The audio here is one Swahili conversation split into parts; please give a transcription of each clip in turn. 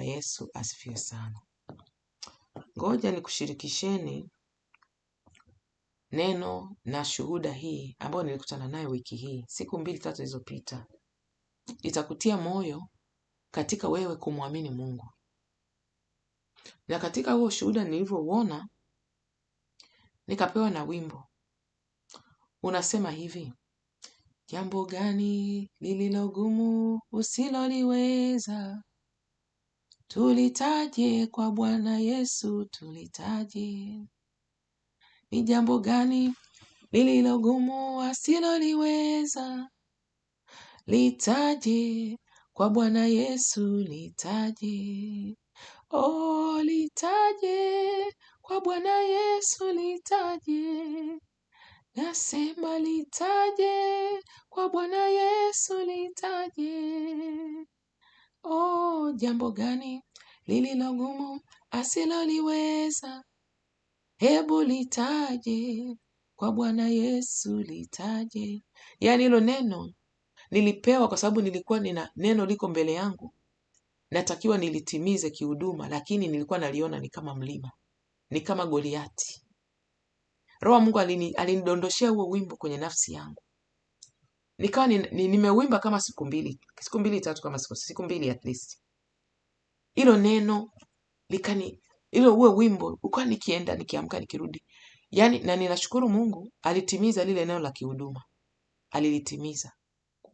Bwana Yesu asifiwe sana. Ngoja nikushirikisheni neno na shuhuda hii ambayo nilikutana nayo wiki hii, siku mbili tatu zilizopita. Itakutia moyo katika wewe kumwamini Mungu. Na katika huo shuhuda nilivyouona, nikapewa na wimbo unasema hivi: jambo gani lililogumu usiloliweza Tulitaje kwa Bwana Yesu, tulitaje. Ni jambo gani lililogumu asiloliweza? Litaje kwa Bwana Yesu, litaje. Oh, litaje kwa Bwana Yesu, litaje. Nasema litaje kwa Bwana Yesu, litaje. Oh, jambo gani lililo gumu asiloliweza? Hebu litaje kwa Bwana Yesu, litaje. Yaani hilo neno nilipewa kwa sababu nilikuwa nina neno liko mbele yangu, natakiwa nilitimize kihuduma, lakini nilikuwa naliona ni kama mlima, ni kama Goliati. Roho Mungu alini, alinidondoshea huo wimbo kwenye nafsi yangu nikawa ni, ni, nimewimba kama siku mbili siku mbili tatu kama siku, siku mbili at least hilo neno likani ilo uwe wimbo ukawa nikienda nikiamka nikirudi yani na ninashukuru Mungu alitimiza lile neno la kihuduma alilitimiza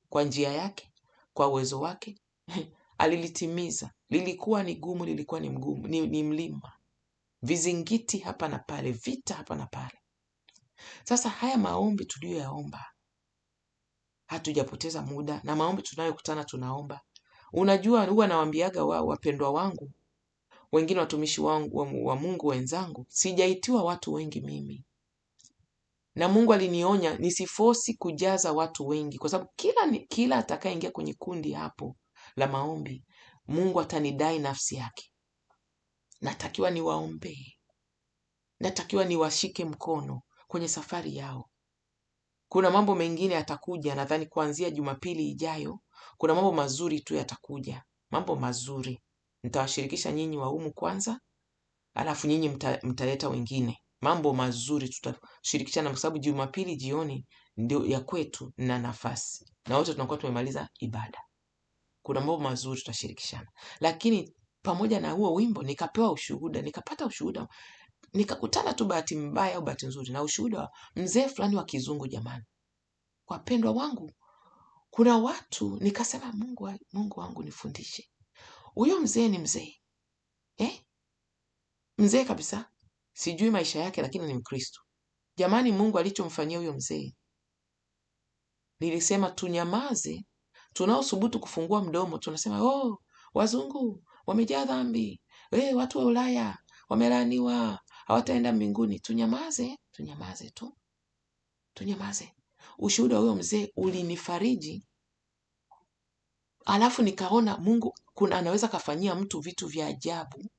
kwa njia yake kwa uwezo wake alilitimiza lilikuwa ni gumu lilikuwa ni mgumu ni, ni mlima vizingiti hapa na pale vita hapa na pale sasa haya maombi tuliyoyaomba hatujapoteza muda na maombi tunayokutana tunaomba. Unajua, huwa nawambiaga wa wapendwa wangu wengine watumishi wangu, wa, wa Mungu wenzangu, sijaitiwa watu wengi mimi, na Mungu alinionya nisifosi kujaza watu wengi, kwa sababu kila kila atakayeingia kwenye kundi hapo la maombi, Mungu atanidai nafsi yake. Natakiwa niwaombee, natakiwa niwashike mkono kwenye safari yao, kuna mambo mengine yatakuja, nadhani kuanzia Jumapili ijayo, kuna mambo mazuri tu yatakuja, mambo mazuri. Nitawashirikisha nyinyi waumu kwanza, alafu nyinyi mta, mtaleta wengine. Mambo mazuri tutashirikishana, kwa sababu Jumapili jioni ndio ya kwetu na nafasi, na wote tunakuwa tumemaliza ibada. Kuna mambo mazuri tutashirikishana, lakini pamoja na huo wimbo nikapewa ushuhuda, nikapata ushuhuda Nikakutana tu bahati mbaya au bahati nzuri na ushuhuda wa mzee fulani wa kizungu. Jamani wapendwa wangu, kuna watu nikasema, Mungu, wa, Mungu wangu nifundishe. Huyo mzee ni mzee eh? mzee kabisa, sijui maisha yake, lakini ni Mkristo. Jamani, Mungu alichomfanyia huyo mzee, nilisema tunyamaze. tunaosubutu kufungua mdomo tunasema oh, wazungu wamejaa dhambi hey, watu wa Ulaya wamelaaniwa hawataenda mbinguni. Tunyamaze, tunyamaze tu, tunyamaze. Ushuhuda wa huyo mzee ulinifariji, alafu nikaona Mungu kuna anaweza kafanyia mtu vitu vya ajabu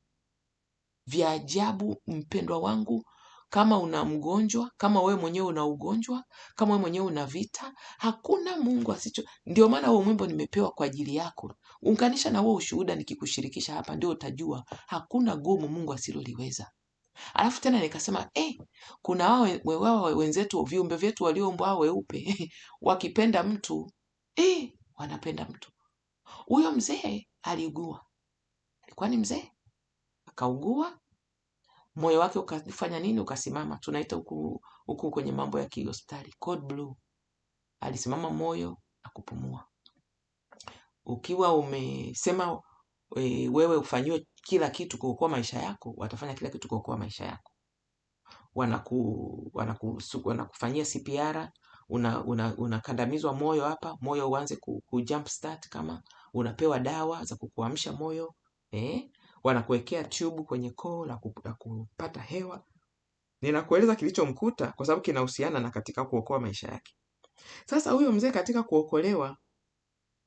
vya ajabu. Mpendwa wangu, kama una mgonjwa, kama wewe mwenyewe una ugonjwa, kama wewe mwenyewe una vita, hakuna Mungu asicho. Ndio maana huo mwimbo nimepewa kwa ajili yako, unganisha na huo ushuhuda nikikushirikisha hapa, ndio utajua hakuna gumu Mungu asiloliweza. Alafu tena nikasema eh, kuna wao we- we, wenzetu viumbe vyetu walioumbwa weupe wakipenda mtu eh, wanapenda mtu. Huyo mzee aliugua, alikuwa ni mzee akaugua, moyo wake ukafanya nini? Ukasimama, tunaita huku huku kwenye mambo ya kihospitali code blue. Alisimama moyo na kupumua Ukiwa umesema e, wewe ufanyiwe kila kitu kuokoa maisha yako, watafanya kila kitu kuokoa maisha yako. Wanaku, wanaku, wana CPR, unakandamizwa una, una moyo hapa, moyo uanze kujump ku start kama unapewa dawa za kukuamsha moyo eh? Wanakuwekea tube kwenye koo la kupata hewa. Ninakueleza kilichomkuta kwa sababu kinahusiana na katika kuokoa maisha yake. Sasa huyo mzee katika kuokolewa,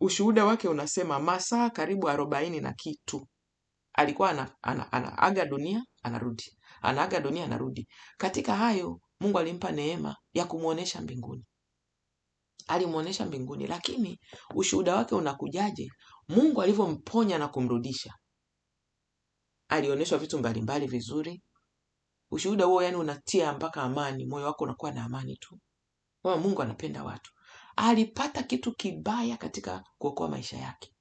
ushuhuda wake unasema masaa karibu arobaini na kitu alikuwa ana, ana, ana, aga dunia anarudi, anaaga dunia anarudi. Katika hayo Mungu alimpa neema ya kumuonesha mbinguni, alimuonesha mbinguni. Lakini ushuhuda wake unakujaje? Mungu alivyomponya na kumrudisha, alioneshwa vitu mbalimbali vizuri. Ushuhuda huo yani unatia mpaka amani, moyo wako unakuwa na amani tu, kwa Mungu anapenda watu. Alipata kitu kibaya katika kuokoa maisha yake,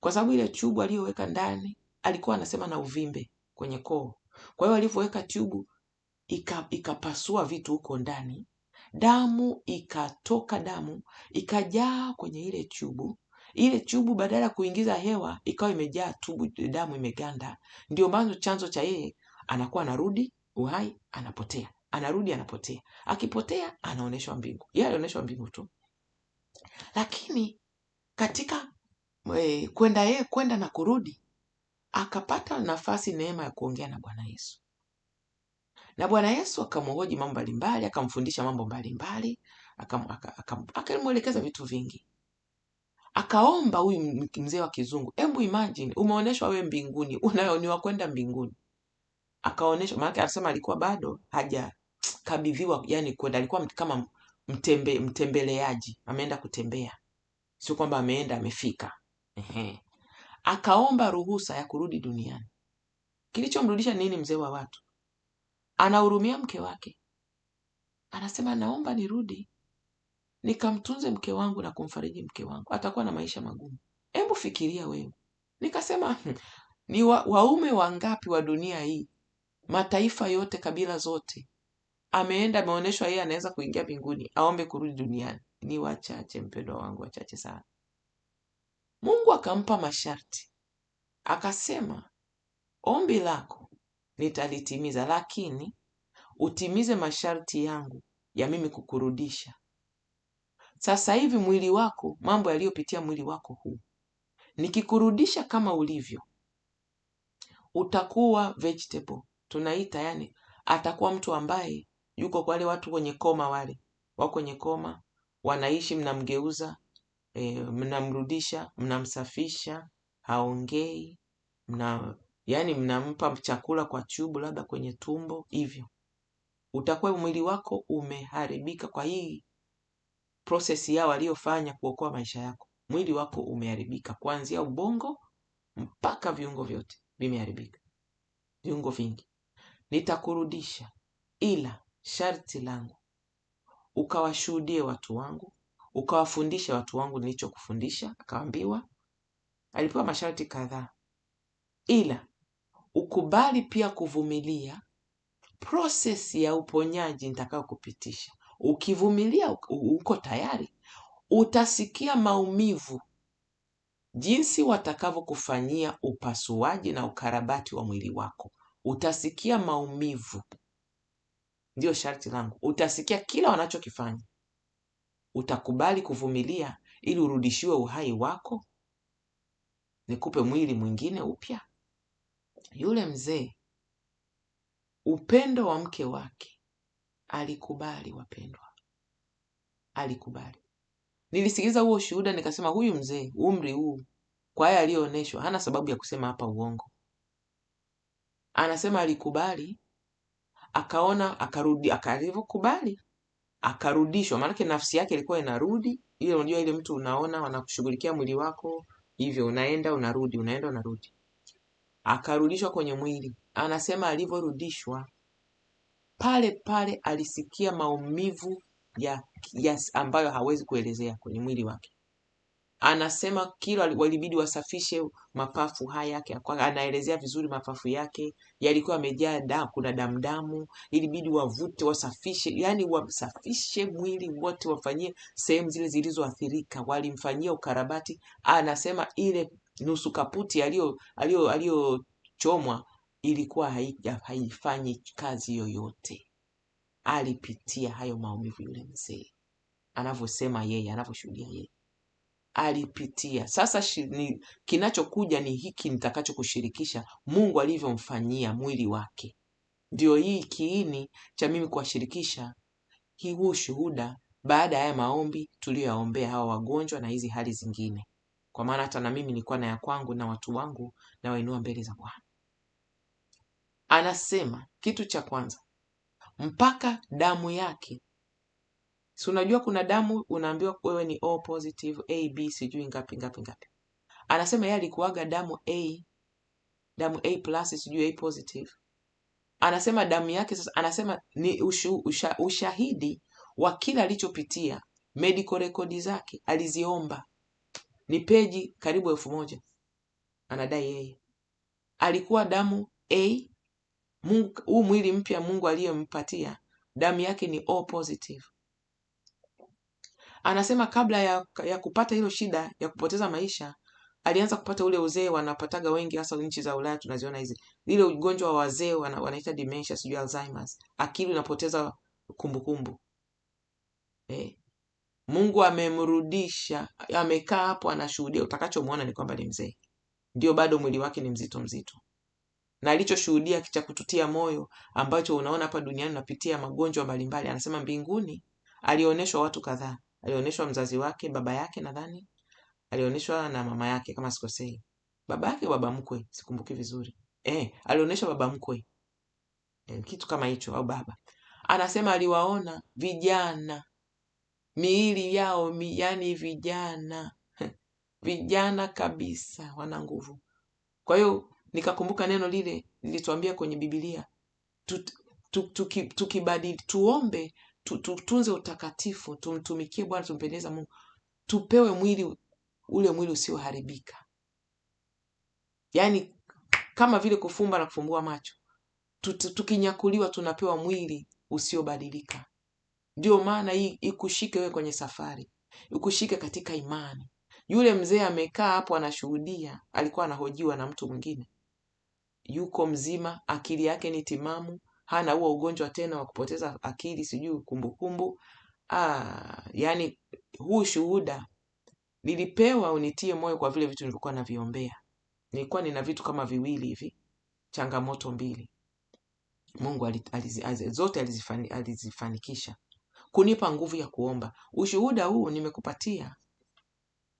kwa sababu ile chubu aliyoweka ndani alikuwa anasema na uvimbe kwenye koo. Kwa hiyo alivyoweka tyubu ikapasua ika vitu huko ndani, damu ikatoka, damu ikajaa kwenye ile tyubu. Ile tyubu badala ya kuingiza hewa ikawa imejaa tubu, damu imeganda. Ndio maana chanzo cha yeye anakuwa anarudi uhai, anapotea, anarudi, anapotea. Akipotea anaoneshwa mbingu, yeye alionyeshwa mbingu tu, lakini katika e, kwenda yeye kwenda na kurudi akapata nafasi neema ya kuongea na Bwana Yesu, na Bwana Yesu akamhoji mambo mbalimbali, akamfundisha mambo mbalimbali, akamwelekeza vitu vingi. Akaomba huyu mzee wa kizungu, hebu imagine, umeonyeshwa wewe mbinguni, unayoniwa kwenda mbinguni, akaonyeshwa. Maana anasema alikuwa bado hajakabidhiwa, yani kwenda, alikuwa kama mtembe, mtembeleaji, ameenda kutembea, sio kwamba ameenda amefika. Ehe akaomba ruhusa ya kurudi duniani. Kilichomrudisha nini? Mzee wa watu anahurumia mke wake, anasema naomba nirudi nikamtunze mke wangu na kumfariji mke wangu, atakuwa na maisha magumu. Hebu fikiria wewe. Nikasema hmm, ni wa, waume wangapi wa dunia hii, mataifa yote, kabila zote, ameenda ameonyeshwa yeye anaweza kuingia mbinguni, aombe kurudi duniani? Ni wachache mpendwa wangu, wachache sana. Mungu akampa masharti, akasema ombi lako nitalitimiza, lakini utimize masharti yangu ya mimi kukurudisha. Sasa hivi mwili wako, mambo yaliyopitia mwili wako huu, nikikurudisha kama ulivyo, utakuwa vegetable tunaita, yani atakuwa mtu ambaye yuko wale watu kwenye koma, wale wako kwenye koma, wanaishi mnamgeuza e, mnamrudisha, mnamsafisha, haongei, mna yani mnampa chakula kwa chubu, labda kwenye tumbo hivyo, utakuwa mwili wako umeharibika kwa hii prosesi yao aliyofanya kuokoa maisha yako. Mwili wako umeharibika kuanzia ubongo mpaka viungo vyote vimeharibika, viungo vingi. Nitakurudisha, ila sharti langu ukawashuhudie watu wangu ukawafundisha watu wangu nilichokufundisha, akaambiwa alipewa masharti kadhaa, ila ukubali pia kuvumilia proses ya uponyaji nitakayokupitisha. Ukivumilia, uko tayari, utasikia maumivu jinsi watakavyokufanyia upasuaji na ukarabati wa mwili wako. Utasikia maumivu, ndiyo sharti langu. Utasikia kila wanachokifanya, utakubali kuvumilia ili urudishiwe uhai wako? Nikupe mwili mwingine upya? Yule mzee, upendo wa mke wake, alikubali. Wapendwa, alikubali. Nilisikiliza huo shuhuda nikasema, huyu mzee umri huu, kwa haya aliyoonyeshwa, hana sababu ya kusema hapa uongo. Anasema alikubali, akaona akarudi, akalivyokubali akarudishwa, maanake nafsi yake ilikuwa inarudi ile. Unajua ile mtu unaona wanakushughulikia mwili wako hivyo, unaenda unarudi, unaenda unarudi, akarudishwa kwenye mwili. Anasema alivyorudishwa pale pale alisikia maumivu ya, yes, ambayo hawezi kuelezea kwenye mwili wake anasema kila walibidi wasafishe mapafu haya yake, anaelezea vizuri mapafu yake yalikuwa yamejaa da, kuna damdamu, ilibidi wavute wasafishe, yani wasafishe mwili wote, wafanyie sehemu zile zilizoathirika, walimfanyia ukarabati. Anasema ile nusu kaputi aliyochomwa ilikuwa haifanyi kazi yoyote. Alipitia hayo maumivu yule mzee, anavyosema yeye, anavyoshuhudia yeye alipitia. Sasa shini, kinachokuja ni hiki nitakachokushirikisha Mungu alivyomfanyia mwili wake. Ndio hii kiini cha mimi kuwashirikisha hii huu shuhuda baada ya haya maombi tuliyoyaombea hawa wagonjwa na hizi hali zingine, kwa maana hata na mimi nilikuwa na ya kwangu na watu wangu na wainua mbele za Bwana. Anasema kitu cha kwanza, mpaka damu yake Si unajua kuna damu unaambiwa wewe ni O positive, AB sijui ngapi ngapi ngapi. Anasema yeye alikuaga damu A, damu A plus sijui A positive. Anasema damu yake sasa, anasema ni ushu, usha, ushahidi wa kila alichopitia, medical record zake aliziomba, ni peji karibu elfu moja anadai yeye alikuwa damu A. Mungu, huu mwili mpya Mungu aliyempatia damu yake ni O positive. Anasema kabla ya, ya kupata hilo shida ya kupoteza maisha alianza kupata ule uzee wanapataga wengi, hasa nchi za Ulaya tunaziona hizi, ile ugonjwa wa wazee wana, wanaita dementia, sijui Alzheimer's, akili unapoteza kumbukumbu kumbu. eh. Mungu amemrudisha, amekaa hapo anashuhudia. Utakachomwona ni kwamba ni mzee, ndio bado mwili wake ni mzito mzito, na alichoshuhudia cha kututia moyo ambacho unaona hapa duniani unapitia magonjwa mbalimbali, anasema mbinguni alioneshwa watu kadhaa alionyeshwa mzazi wake, baba yake nadhani, alionyeshwa na mama yake kama sikosei, baba yake, baba mkwe, sikumbuki vizuri eh, alionyeshwa baba mkwe eh, kitu kama hicho au baba. Anasema aliwaona vijana, miili yao mi, yani vijana vijana kabisa, wana nguvu. Kwa hiyo nikakumbuka neno lile lilituambia kwenye tu, tu, tu, tuombe tutunze utakatifu, tumtumikie Bwana, tumpendeza Mungu, tupewe mwili ule mwili usioharibika, yaani kama vile kufumba na kufumbua macho. Tukinyakuliwa tunapewa mwili usiobadilika. Ndio maana hii ikushike wewe kwenye safari, ikushike katika imani. Yule mzee amekaa hapo anashuhudia, alikuwa anahojiwa na mtu mwingine, yuko mzima, akili yake ni timamu, hana huo ugonjwa tena wa kupoteza akili, sijui kumbukumbu. Ah, yani huu shuhuda nilipewa unitie moyo kwa vile vitu nilivyokuwa naviombea. Nilikuwa nina vitu kama viwili hivi, changamoto mbili. Mungu alizi, zote alizifani, alizifanikisha kunipa nguvu ya kuomba. Ushuhuda huu nimekupatia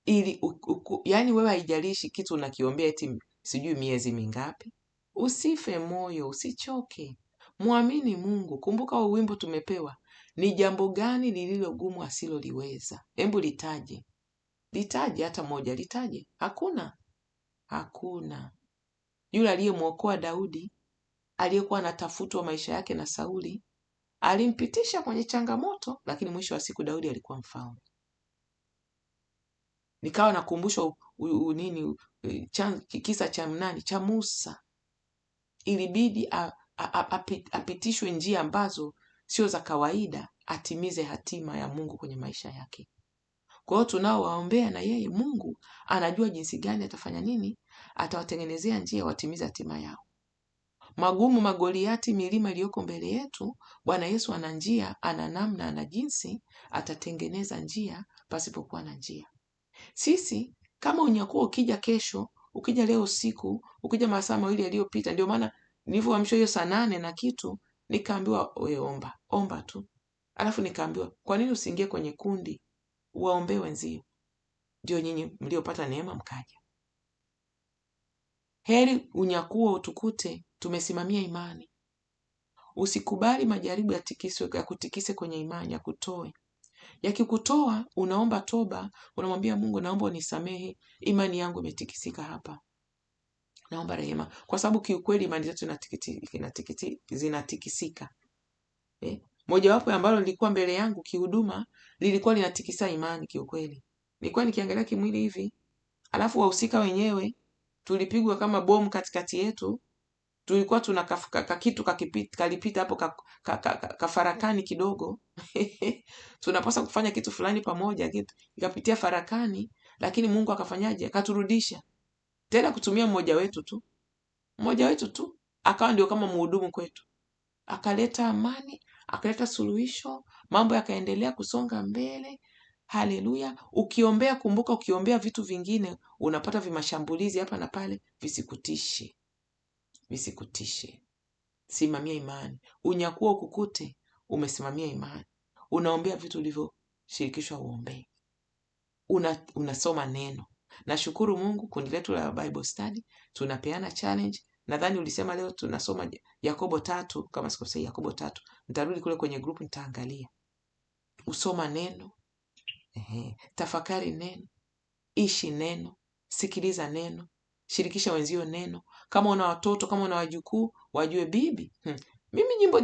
ili u, u, yani wewe haijalishi kitu unakiombea eti sijui miezi mingapi, usife moyo, usichoke. Mwamini Mungu. Kumbuka huu wimbo tumepewa, ni jambo gani lililo gumu asiloliweza? Hebu litaje, litaje hata moja, litaje. Hakuna, hakuna. Yule aliyemwokoa Daudi, aliyekuwa anatafutwa maisha yake na Sauli, alimpitisha kwenye changamoto, lakini mwisho wa siku Daudi alikuwa mfalme. Nikawa nakumbushwa nini, e, kisa cha nani cha Musa, ilibidi a, apitishwe njia ambazo sio za kawaida, atimize hatima ya Mungu kwenye maisha yake. Kwa hiyo tunaowaombea na yeye Mungu anajua jinsi gani atafanya nini, atawatengenezea njia watimize hatima yao. Magumu, magoliati, milima iliyoko mbele yetu, Bwana Yesu ana njia, ana namna, ana jinsi atatengeneza njia pasipokuwa na njia. Sisi kama unyakuo, ukija kesho, ukija leo usiku, ukija masaa mawili yaliyopita, ndio maana Nilivyoamshwa hiyo saa nane na kitu, nikaambiwa we omba, omba tu. Alafu nikaambiwa kwa nini usiingie kwenye kundi waombee wenzio? Ndio nyinyi mliopata neema mkaja. Heri unyakuo utukute, tumesimamia imani. Usikubali majaribu ya ya kutikise kwenye imani, ya kutoe Yakikutoa unaomba toba, unamwambia Mungu, naomba unisamehe, imani yangu imetikisika hapa naomba rehema, kwa sababu kiukweli imani zetu zinatikisika. Eh? Mojawapo ambalo lilikuwa mbele yangu kihuduma lilikuwa linatikisa imani kiukweli. Nilikuwa nikiangalia kimwili hivi, alafu wahusika wenyewe tulipigwa kama bomu katikati yetu, tulikuwa tuna kakitu kalipita hapo kafarakani ka, ka, ka, ka kidogo tunapaswa kufanya kitu fulani pamoja, kitu ikapitia farakani, lakini Mungu akafanyaje? Akaturudisha tena kutumia mmoja wetu tu, mmoja wetu tu akawa ndio kama mhudumu kwetu, akaleta amani, akaleta suluhisho, mambo yakaendelea kusonga mbele. Haleluya! Ukiombea kumbuka, ukiombea vitu vingine unapata vimashambulizi hapa na pale, visikutishe, visikutishe. Simamia imani, unyakuo ukukute umesimamia imani, unaombea vitu ulivyoshirikishwa uombee, una, unasoma neno Nashukuru Mungu, kundi letu la Bible study tunapeana challenge. Nadhani ulisema leo tunasoma Yakobo tatu kama sikosei, Yakobo tatu. Nitarudi kule kwenye group nitaangalia. Usoma neno, ehe, tafakari neno, ishi neno, sikiliza neno, shirikisha wenzio neno. Kama una watoto, kama una wajukuu, wajue bibi hmm. Mimi nyimbo,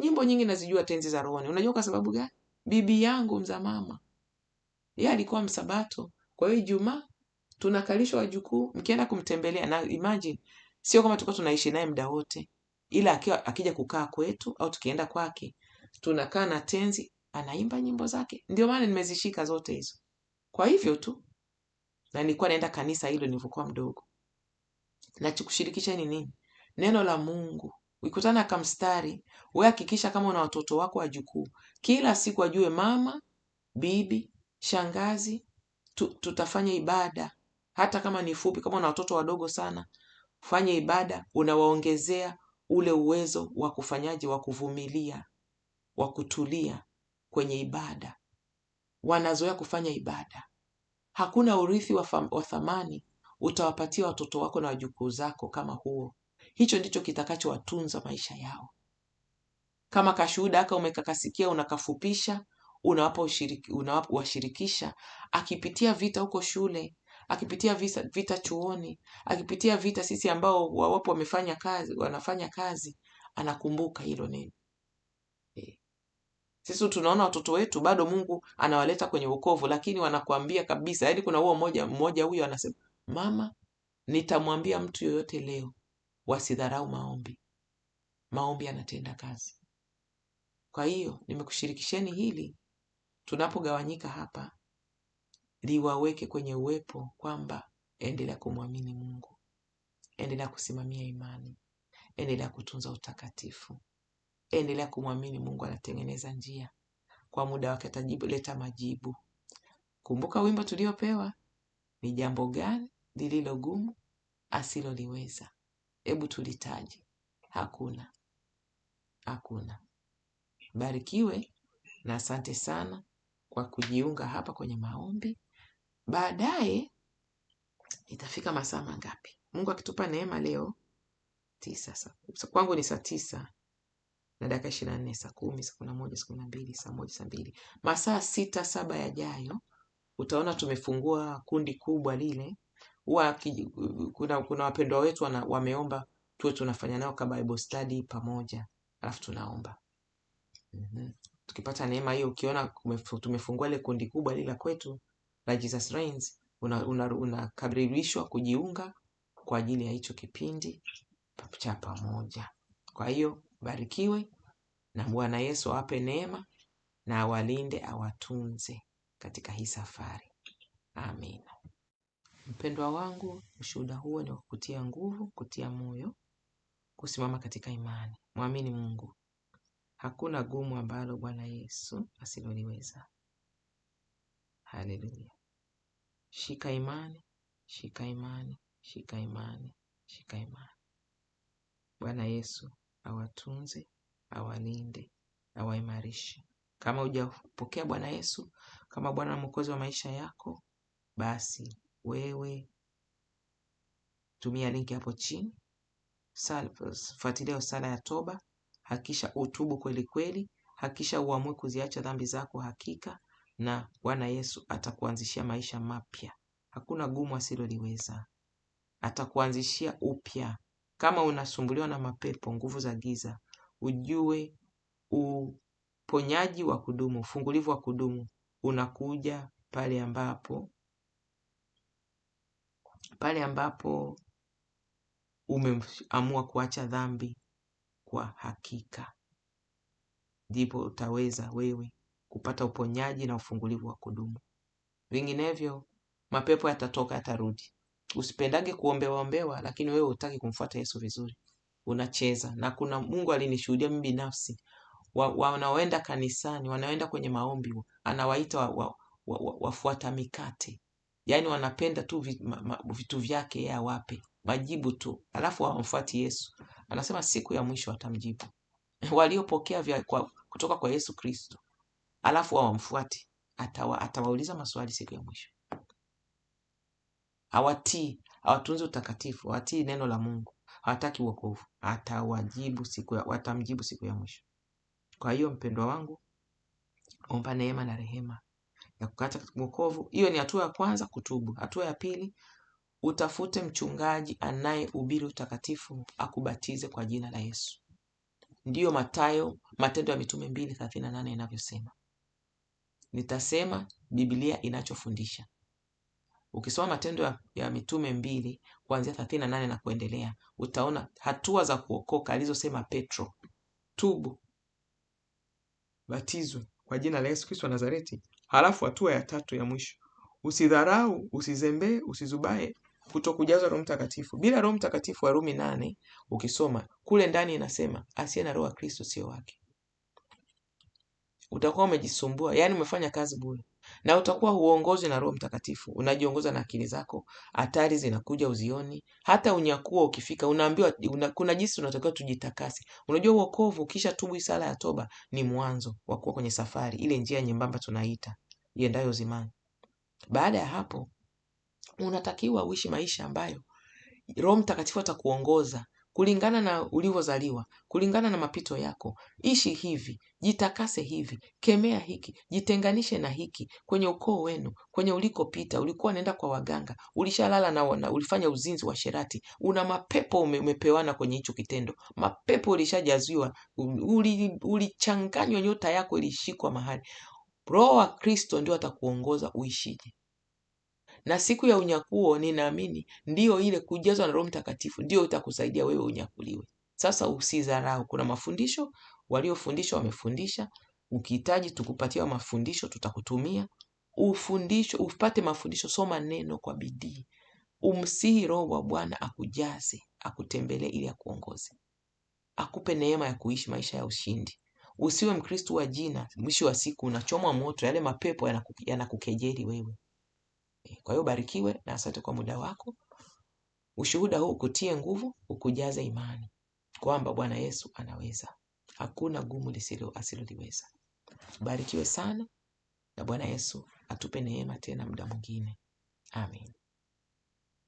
nyimbo nyingi nazijua tenzi za rohoni. Unajua kwa sababu gani? Bibi yangu mzamama yeye alikuwa Msabato, kwa hiyo Ijumaa tunakalishwa wajukuu, mkienda kumtembelea na imagine, sio kama tulikuwa tunaishi naye muda wote, ila akiwa akija kukaa kwetu au tukienda kwake, tunakaa na tenzi, anaimba nyimbo zake. Ndio maana nimezishika zote hizo, kwa hivyo tu, na nilikuwa naenda kanisa hilo nilivyokuwa mdogo. Nachokushirikisha ni nini? Neno la Mungu. Ukikutana kamstari, wewe hakikisha kama una watoto wako wajukuu, kila siku ajue mama, bibi, shangazi, tu, tutafanya ibada hata kama ni fupi, kama una watoto wadogo sana, fanye ibada, unawaongezea ule uwezo wa kufanyaje, wa kuvumilia, wa kutulia kwenye ibada. Wanazoea kufanya ibada. Hakuna urithi wa thamani utawapatia watoto wako na wajukuu zako kama huo. Hicho ndicho kitakachowatunza maisha yao. Kama kashuhuda aka umekakasikia, unakafupisha, unawapa ushiriki, unawashirikisha. Akipitia vita huko shule, akipitia visa, vita chuoni, akipitia vita sisi ambao wapo wamefanya kazi, wanafanya kazi, anakumbuka hilo neno. E. Sisi tunaona watoto wetu bado Mungu anawaleta kwenye wokovu, lakini wanakuambia kabisa, yaani kuna huo mmoja mmoja huyo anasema, mama, nitamwambia mtu yoyote leo wasidharau maombi. Maombi anatenda kazi. Kwa hiyo nimekushirikisheni hili tunapogawanyika hapa liwaweke kwenye uwepo kwamba endelea kumwamini Mungu, endelea kusimamia imani, endelea kutunza utakatifu, endelea kumwamini Mungu anatengeneza njia, kwa muda wake atajleta majibu. Kumbuka wimbo tuliopewa, ni jambo gani lililo gumu asiloliweza? Hebu tulitaje? Hakuna, hakuna. Barikiwe na asante sana kwa kujiunga hapa kwenye maombi Baadaye itafika masaa mangapi? Mungu akitupa neema leo tisa kwangu ni saa tisa na dakika ishirini na nne, saa kumi, saa kumi na moja, saa kumi na mbili, saa moja, saa mbili, masaa sita saba yajayo utaona tumefungua kundi kubwa lile. Huwa kuna, kuna wapendwa wetu wana, wameomba tuwe tunafanya nao ka Bible study pamoja, alafu tunaomba mm -hmm. Tukipata neema hiyo, ukiona tumefungua ile kundi kubwa lile la kwetu, na Jesus Reigns unakaribishwa una, una kujiunga kwa ajili ya hicho kipindi cha pamoja. Kwa hiyo barikiwe na Bwana Yesu awape neema na awalinde, awatunze katika hii safari. Amina. Mpendwa wangu, ushuhuda huo ni wa kutia nguvu, kutia moyo, kusimama katika imani. Mwamini Mungu, hakuna gumu ambalo Bwana Yesu asiloliweza. Haleluya. Shika imani, shika imani, shika imani, shika imani. Bwana Yesu awatunze, awalinde, awaimarishe. Kama hujapokea Bwana Yesu kama Bwana na Mwokozi wa maisha yako, basi wewe tumia linki hapo chini, fuatilia sala ya toba, hakisha utubu kweli kweli, hakisha uamue kuziacha dhambi zako hakika na Bwana Yesu atakuanzishia maisha mapya. Hakuna gumu asiloliweza. Atakuanzishia upya. Kama unasumbuliwa na mapepo, nguvu za giza, ujue uponyaji wa kudumu, ufungulivu wa kudumu unakuja pale ambapo pale ambapo umeamua kuacha dhambi kwa hakika, ndipo utaweza wewe kupata uponyaji na ufungulivu wa kudumu. Vinginevyo mapepo yatatoka, yatarudi. Usipendage kuombewaombewa, lakini wewe hutaki kumfuata Yesu vizuri, unacheza na kuna Mungu alinishuhudia mimi binafsi, wanaoenda wa kanisani, wanaoenda kwenye maombi, anawaita wafuata wa, wa, wa, mikate, yaani wanapenda tu vi, ma, ma, vitu vyake yeye awape majibu tu, alafu hawamfuati Yesu. Anasema siku ya mwisho atamjibu. Waliopokea kutoka kwa Yesu Kristo alafu hawamfuati, atawa, atawauliza maswali siku ya mwisho. Hawatii, hawatunzi utakatifu, hawatii neno la Mungu, hawataki uokovu, atawajibu siku ya, watamjibu siku ya mwisho. Kwa hiyo mpendwa wangu, omba neema na rehema ya kukata wokovu. Hiyo ni hatua ya kwanza, kutubu. Hatua ya pili, utafute mchungaji anayehubiri utakatifu akubatize kwa jina la Yesu. Ndiyo matayo Matendo ya Mitume mbili thelathini na nane inavyosema nitasema Biblia inachofundisha. Ukisoma Matendo ya Mitume mbili kuanzia thelathini na nane na kuendelea, utaona hatua za kuokoka alizosema Petro: tubu, batizwe kwa jina la Yesu Kristo wa Nazareti. Halafu hatua ya tatu ya mwisho, usidharau, usizembee, usizubae, kutokujazwa Roho Mtakatifu. Bila Roho Mtakatifu, rumi nane ukisoma kule ndani inasema asiye na Roho wa Kristo sio wake utakuwa umejisumbua, yani umefanya kazi bure, na utakuwa huongozwi na Roho Mtakatifu, unajiongoza na akili zako. Hatari zinakuja uzioni, hata unyakuo ukifika, unaambiwa una, kuna jinsi unatakiwa tujitakase. Unajua uokovu, kisha tubu sala ya toba, ni mwanzo wa kuwa kwenye safari ile, njia nyembamba tunaita iendayo zimani. Baada ya hapo, unatakiwa uishi maisha ambayo Roho Mtakatifu atakuongoza kulingana na ulivyozaliwa, kulingana na mapito yako. Ishi hivi, jitakase hivi, kemea hiki, jitenganishe na hiki, kwenye ukoo wenu, kwenye ulikopita, ulikuwa unaenda kwa waganga, ulishalala na, wana, ulifanya uzinzi wa sherati, una mapepo ume, umepewana kwenye hicho kitendo, mapepo ulishajaziwa, ulichanganywa, uli nyota yako ilishikwa mahali. Roho wa Kristo ndio atakuongoza uishije. Na siku ya unyakuo ninaamini ndiyo ile kujazwa na Roho Mtakatifu ndio itakusaidia wewe unyakuliwe. Sasa usizarau kuna mafundisho waliofundisha wamefundisha. Ukihitaji tukupatia mafundisho, tutakutumia ufundisho, upate mafundisho. Soma neno kwa bidii, umsihi Roho wa Bwana akujaze, akutembelee ili akuongoze, akupe neema ya kuishi maisha ya ushindi. Usiwe mkristu wa jina, mwisho wa siku unachomwa moto, yale mapepo yanaku, yanakukejeli wewe. Kwa hiyo ubarikiwe na asante kwa muda wako. Ushuhuda huu ukutie nguvu, ukujaze imani kwamba Bwana Yesu anaweza, hakuna gumu lisilo asiloliweza. Ubarikiwe sana na Bwana Yesu atupe neema tena muda mwingine. Amen.